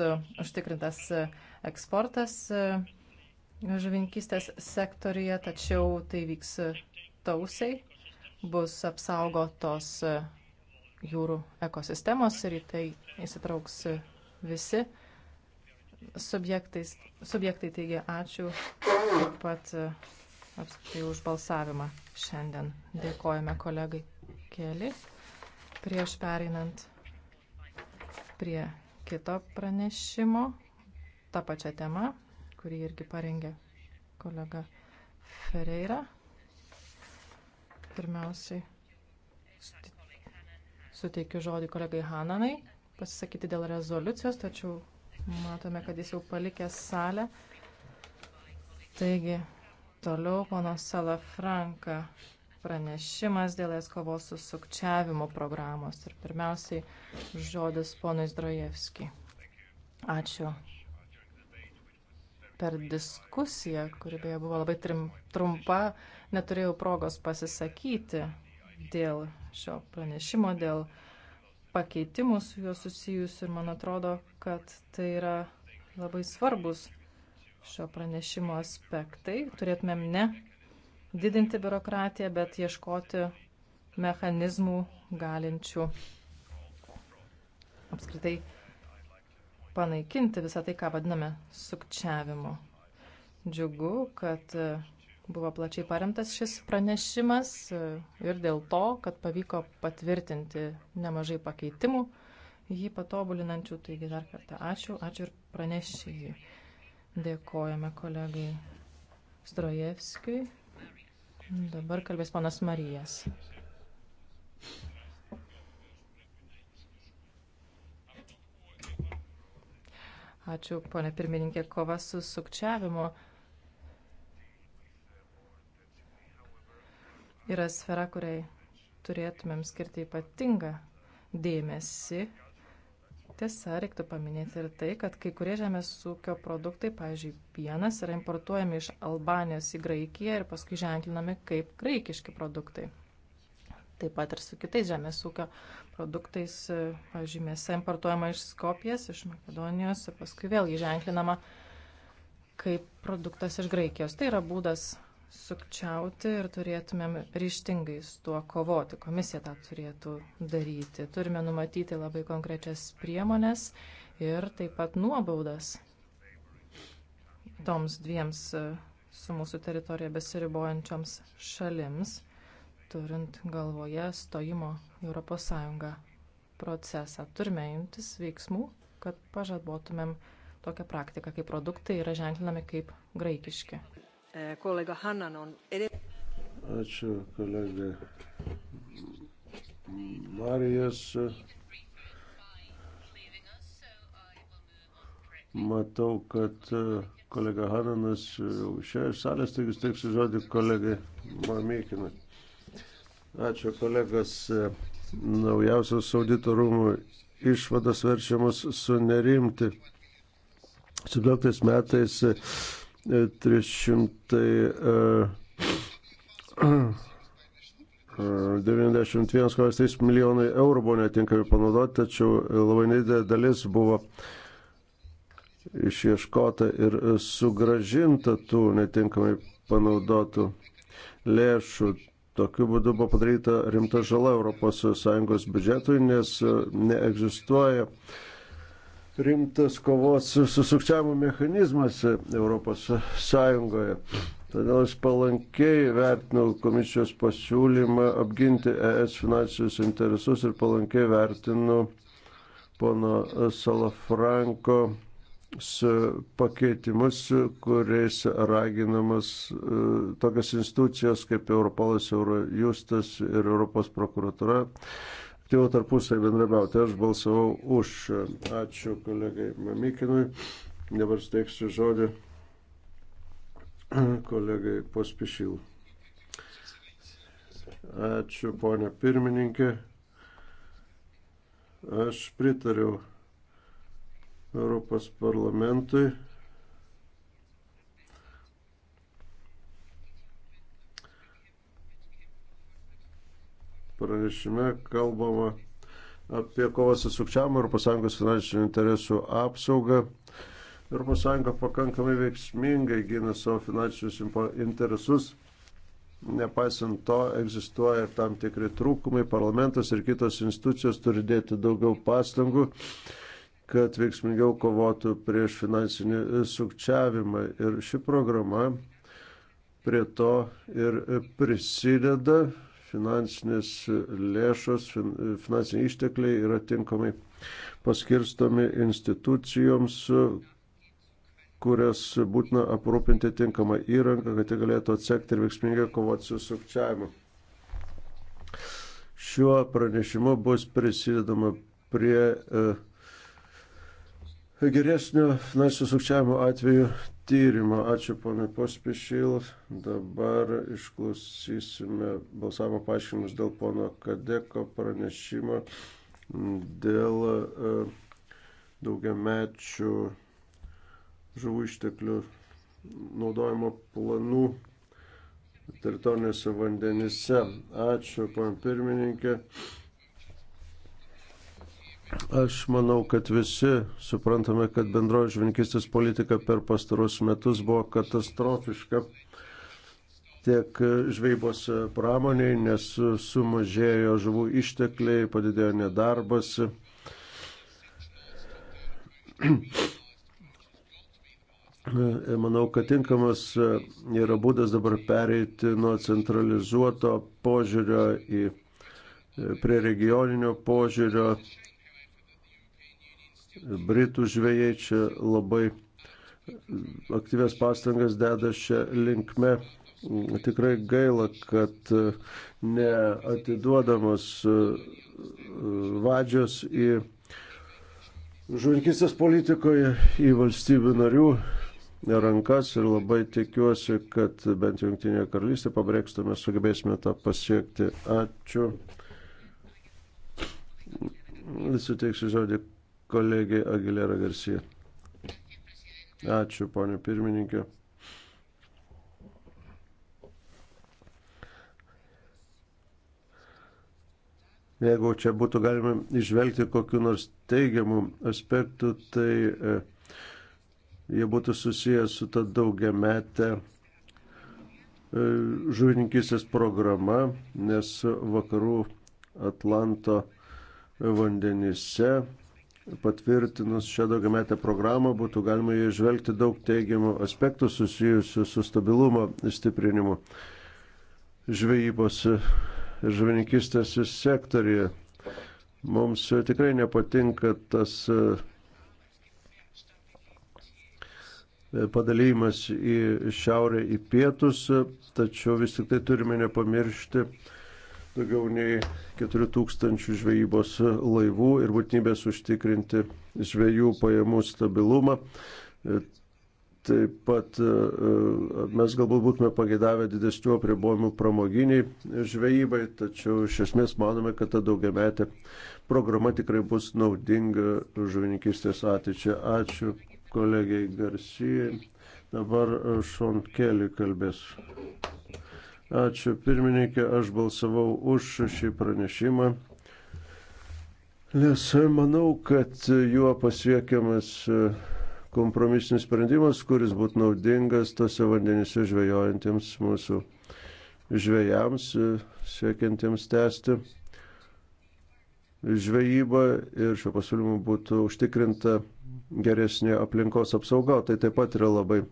užtikrintas eksportas žuvinkystės sektorija, tačiau tai vyks tausiai, bus apsaugotos jūrų ekosistemos ir į tai įsitrauks visi subjektais, subjektai teigia ačiū taip pat e, apskritai už balsavimą šiandien. Dėkojame kolegai Keli. Prieš pereinant prie kito pranešimo, tą pačią temą, kurį irgi parengė kolega Ferreira. Pirmiausiai suteikiu žodį kolegai Hananai pasisakyti dėl rezoliucijos, tačiau Matome, kad jis jau palikęs salę. Taigi, toliau pono Salafranka pranešimas dėl es kovos su sukčiavimo programos. Ir pirmiausiai žodis ponui Zdrojevski. Ačiū. Per diskusiją, kuri beje buvo labai trim, trumpa, neturėjau progos pasisakyti dėl šio pranešimo, dėl pakeitimų su juo susijusių ir man atrodo, kad tai yra labai svarbus šio pranešimo aspektai. Turėtumėm ne didinti biurokratiją, bet ieškoti mechanizmų galinčių apskritai panaikinti visą tai, ką vadiname sukčiavimu. Džiugu, kad e, buvo plačiai paremtas šis pranešimas e, ir dėl to, kad pavyko patvirtinti nemažai pakeitimų jį patobulinančių. Taigi dar kartą ačiū, ačiū ir pranešėjai. Dėkojame kolegai Strojevskijui. Dabar kalbės panas Marijas. Ačiū, ponė pirmininkė, kova su sukčiavimu yra sfera, kuriai turėtumėm skirti ypatingą dėmesį Tiesa, reiktų paminėti ir tai, kad kai kurie žemės ūkio produktai, pavyzdžiui, pienas, yra importuojami iš Albanijos į Graikiją ir paskui ženklinami kaip graikiški produktai. Taip pat ir su kitais žemės ūkio produktais, pavyzdžiui, mėsa importuojama iš Skopijas, iš Makedonijos ir paskui vėl įženklinama kaip produktas iš Graikijos. Tai yra būdas sukčiauti ir turėtumėm ryštingai su tuo kovoti. Komisija tą turėtų daryti. Turime numatyti labai konkrečias priemonės ir taip pat nuobaudas toms dviems e, su mūsų teritorija besiribojančioms šalims, turint galvoje stojimo Europos Sąjungą procesą. Turime imtis veiksmų, kad pažabotumėm tokią praktiką, kai produktai yra ženklinami kaip graikiški kollega Hannan on edelleen. Ačiū, kolega Marijas. Matau, kad e, kolega Hananas jau išėjo iš salės, taigi steiksiu žodį kolegai Mamykinai. Ačiū, kolegas. E, naujausios audito rūmų išvados verčiamas sunerimti. 17 metais 391,3 e, [clears throat] milijonai eurų buvo netinkami panaudoti, tačiau labai nedidelė dalis buvo išieškota ir sugražinta tų netinkamai panaudotų lėšų. Tokiu būdu buvo padaryta rimta žala ES biudžetui, nes neegzistuoja uh, rimtas kovos su sukčiavimo mechanizmas Europos Sąjungoje. Todėl aš palankiai vertinau komisijos pasiūlymą apginti ES finansinius interesus ir palankiai vertinu pono Salafranko pakeitimus, kuriais raginamas e, tokias institucijas kaip Europolas, Eurojustas ir Europos prokuratura aktyviau tarpusai bendrabiauti. Aš balsavau už. Ačiū kolegai Mamikinui. Dabar steiksiu žodį kolegai Pospišil. Ačiū, ponė pirmininkė. Aš pritariu Europos parlamentui Pranešime kalbama apie kovą su sukčiavimu Europos Sąjungos finansinių interesų apsaugą. Europos Sąjunga pakankamai veiksmingai gina savo finansinius interesus. Nepaisant to, egzistuoja ir tam tikri trūkumai. Parlamentas ir kitos institucijos turi dėti daugiau pastangų, kad veiksmingiau kovotų prieš finansinį e, sukčiavimą. Ir ši programa prie to ir prisideda finansinės lėšos, finansiniai ištekliai yra tinkamai paskirstomi institucijoms, kurias būtina aprūpinti tinkamą įrangą, kad jie galėtų atsekti ir veiksmingai kovoti su sukčiavimu. Šiuo pranešimu bus prisidedama prie e, geresnio finansų sukčiavimo atveju tyrimą. Ačiū ponai Pospešil. Dabar išklausysime balsavimo paaiškinimus dėl pono Kadeko pranešimo dėl e, daugiamečių žuvų išteklių naudojimo planų teritorinėse vandenise. Ačiū, pan pirmininkė. Aš manau, kad visi suprantame, kad bendroji žvinkistės politika per pastarus metus buvo katastrofiška tiek žvejybos pramoniai, nes sumažėjo žuvų ištekliai, padidėjo nedarbas. Manau, kad tinkamas yra būdas dabar pereiti nuo centralizuoto požiūrio į prie regioninio požiūrio Britų žvėjai čia labai aktyvės pastangas deda šią linkmę. Tikrai gaila, kad neatiduodamos e, vadžios į žuvininkistės politikoje, į valstybių narių rankas ir labai tikiuosi, kad bent Junktinėje karalystėje pabrėkstume, sugebėsime tą pasiekti. Ačiū. Suteiksiu žodį kolegė Agilera Garcia. Ačiū, ponė pirmininkė. Jeigu čia būtų galima išvelgti kokiu nors teigiamu aspektu, tai e, jie būtų susijęs su ta daugiametė e, žuvininkysės programa, nes vakarų Atlanto vandenyse patvirtinus šią daugiametę programą būtų galima išvelgti daug teigiamų aspektų susijusių su stabilumo stiprinimu žvejybos ir žvininkistės sektorija. Mums tikrai nepatinka tas e, padalymas į šiaurę, į pietus, tačiau vis tik tai turime nepamiršti, daugiau nei 4000 žvejybos laivų ir būtinybės užtikrinti žvejų pajamų stabilumą. Taip pat e, e, mes galbūt būtume pagėdavę didesnių apribojimų pramoginiai žvejybai, tačiau iš esmės manome, kad ta daugiametė programa tikrai bus naudinga žuvininkistės ateičiai. Ačiū kolegiai Garsijai. Dabar Šonkelį kalbės. Ačiū pirmininkė, aš balsavau už šį pranešimą. Nes manau, kad juo pasiekiamas e, kompromisinis sprendimas, kuris būtų naudingas tose vandenyse žvejojantiems mūsų žvejams, e, siekiantiems tęsti žvejybą ir šio pasiūlymu būtų užtikrinta geresnė aplinkos apsauga. Tai taip pat yra labai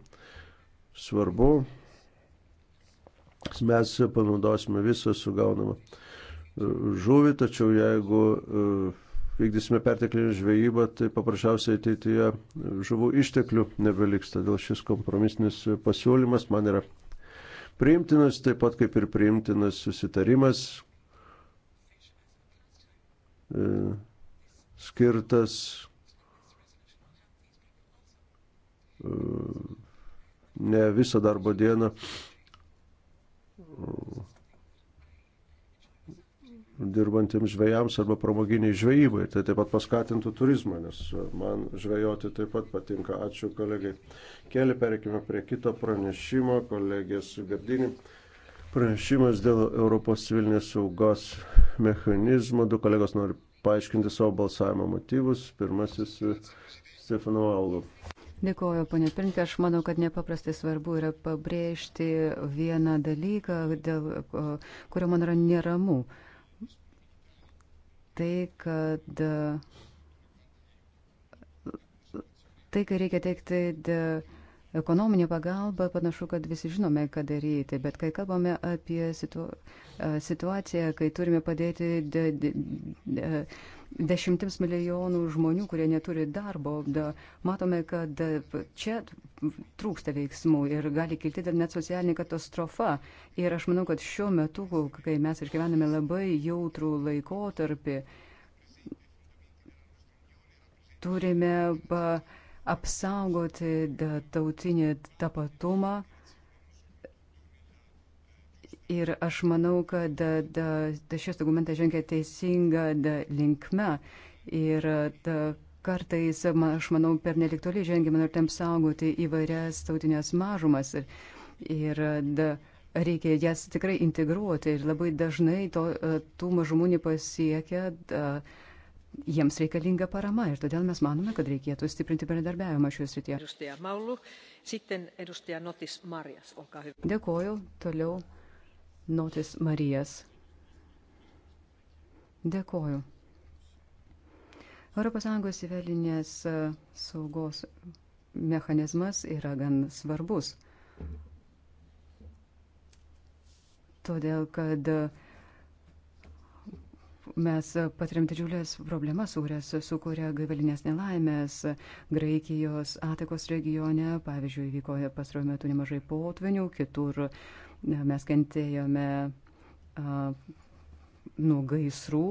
svarbu mes panaudosime visą sugaunamą e, žuvį, tačiau jeigu e, vykdysime perteklinį žvejybą, tai paprasčiausiai ateityje žuvų išteklių nebeliks. Todėl šis kompromisinis pasiūlymas man yra priimtinas, taip pat kaip ir priimtinas susitarimas e, skirtas ne visą darbo dieną dirbantiems žvėjams arba pramoginiai žvejybai. Tai taip pat paskatintų turizmą, nes man žvejoti taip pat patinka. Ačiū kolegai. Keli perikime prie kito pranešimo, kolegės Gardinį. Pranešimas dėl Europos civilinės saugos mechanizmo. Du kolegos nori paaiškinti savo balsavimo motyvus. Pirmasis Stefano Alvo. Dėkuoju, ponė Pirinkė. Aš manau, kad nepaprastai svarbu yra pabrėžti vieną dalyką, dėl kurio man yra neramu. Tai, kad tai, kai reikia teikti ekonominę pagalbą, panašu, kad visi žinome, ką daryti. Bet kai kalbame apie situ, situaciją, kai turime padėti. De, de, de, dešimtims milijonų žmonių, kurie neturi darbo, da, matome, kad čia trūksta veiksmų ir gali kilti dar net socialinė katastrofa. Ir aš manau, kad šiuo metu, kai mes išgyvename labai jautrų laikotarpį, turime apsaugoti tautinį tapatumą. Ir aš manau, kad da, da, šis dokumentas žengia teisinga da, linkme. Ir da, kartais, ma, aš manau, per neliktolį žengiame ir tam saugoti įvairias tautinės mažumas. Ir, ir da, reikia jas tikrai integruoti. Ir labai dažnai to, e, tų mažumų nepasiekia. Da, Jiems reikalinga parama ir todėl mes manome, kad reikėtų stiprinti bendradarbiavimą šioje srityje. Dėkoju. Toliau Notis Marijas. Dėkoju. ES civilinės e, saugos mechanizmas yra gan svarbus, todėl kad e, mes patiriam didžiulės problemas, kurias sukuria gaivalinės nelaimės. Graikijos Atikos regione, pavyzdžiui, vyko pastaruoju metu nemažai potvinių, kitur uh, Mes kentėjome nuo gaisrų,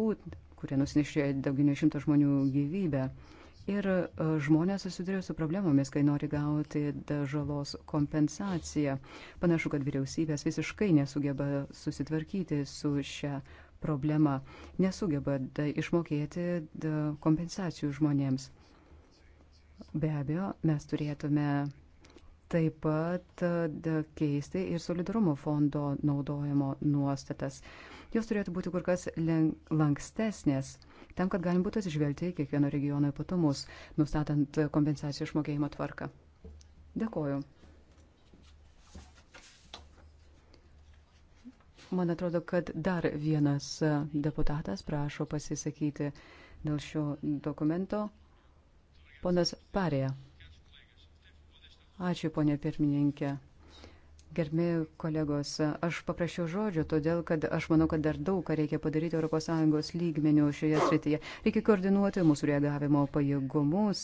kurie nusinešė daugiau nei šimto žmonių gyvybę. Ir žmonės susiduria su problemomis, kai nori gauti žalos kompensaciją. Panašu, kad vyriausybės visiškai nesugeba susitvarkyti su šia problema, nesugeba da, išmokėti da, kompensacijų žmonėms. Be abejo, mes turėtume taip pat e, keisti ir solidarumo fondo naudojimo nuostatas. Jos turėtų būti kur kas lankstesnės, tam, kad galim būtų atsižvelgti į kiekvieno regiono ypatumus, nustatant kompensacijų išmokėjimo tvarką. Dėkoju. Man atrodo, kad dar vienas e, deputatas prašo pasisakyti dėl šio dokumento. Ponas Parėja. Ačiū, ponė pirmininkė. Gerbėjai kolegos, aš paprašiau žodžio, todėl kad aš manau, kad dar daug ką reikia padaryti ES lygmenių šioje srityje. Reikia koordinuoti mūsų reagavimo pajėgumus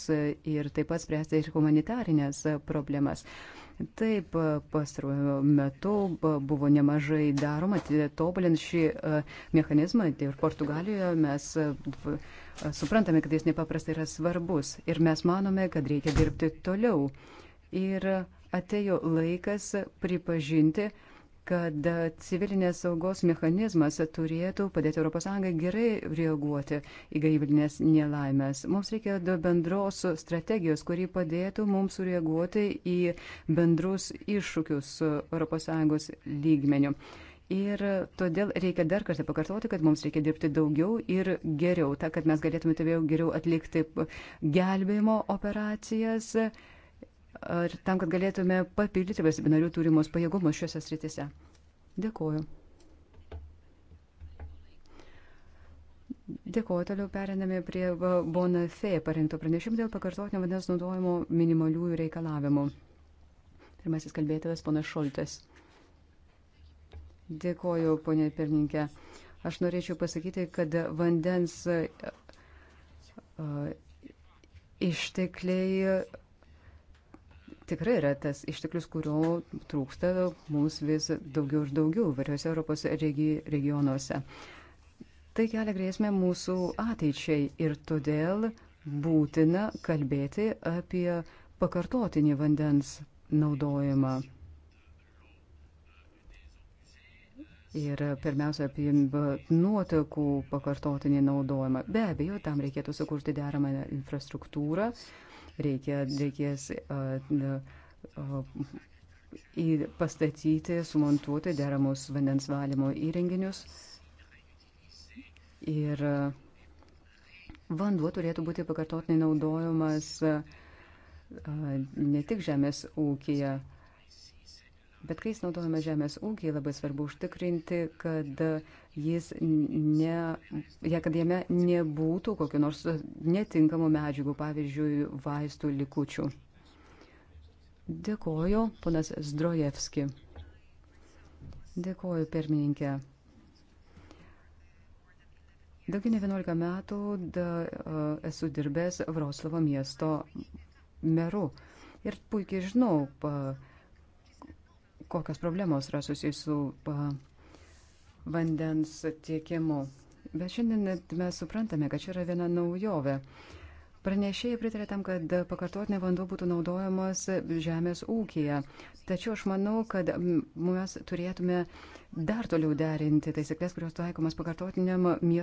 ir taip pat spręsti ir humanitarinės problemas. Taip, pastaruoju metu buvo nemažai daroma, tobulint šį e, mechanizmą tai ir Portugalijoje mes e, suprantame, kad jis nepaprastai yra svarbus ir mes manome, kad reikia dirbti toliau ir atėjo laikas pripažinti, kad civilinės saugos mechanizmas turėtų padėti ES gerai reaguoti į gaivalinės nelaimės. Mums reikia bendros strategijos, kuri padėtų mums sureaguoti į bendrus iššūkius ES lygmenių. Ir todėl reikia dar kartą pakartoti, kad mums reikia dirbti daugiau ir geriau, ta, kad mes galėtume toliau geriau atlikti gelbėjimo operacijas tam, kad galėtume papildyti valstybių narių turimus pajėgumus šiuose sritise. Dėkuoju. Dėkuoju, toliau periname prie Bonafė parengto pranešimo dėl pakartotinio vandens naudojimo minimaliųjų reikalavimų. Pirmasis kalbėtojas ponas Šoltas. Dėkuoju, ponė pirmininkė. Aš norėčiau pasakyti, kad vandens ištekliai tikrai yra tas išteklius, kurio trūksta mums vis daugiau ir daugiau variuose Europos regi regionuose. Tai kelia grėsmė mūsų ateičiai ir todėl būtina kalbėti apie pakartotinį vandens naudojimą. Ir pirmiausia, apie nuotekų pakartotinį naudojimą. Be abejo, tam reikėtų sukurti deramą infrastruktūrą, uh, reikia, reikės pastatyti, sumontuoti deramus vandens valymo įrenginius. Ir vanduo turėtų būti pakartotinai naudojamas ne tik žemės ūkija, bet kai jis naudojamas žemės ūkija, labai svarbu užtikrinti, kad jis ne, ja, kad jame nebūtų kokiu nors netinkamu medžiagu, pavyzdžiui, vaistų likučių. Dėkoju, ponas Zdrojevski. Dėkoju, pirmininkė. Daugiau nei 11 metų da, esu dirbęs Vroclavo miesto meru ir puikiai žinau, pa, kokios problemos yra susijusios su. Pa, vandens tiekimu. Bet šiandien mes suprantame, kad čia yra viena naujovė. Pranešėjai pritarė tam, kad pakartotinė vanduo būtų naudojamas žemės ūkija. Tačiau aš manau, kad mes turėtume dar toliau derinti taisyklės, kurios taikomas pakartotiniam miesto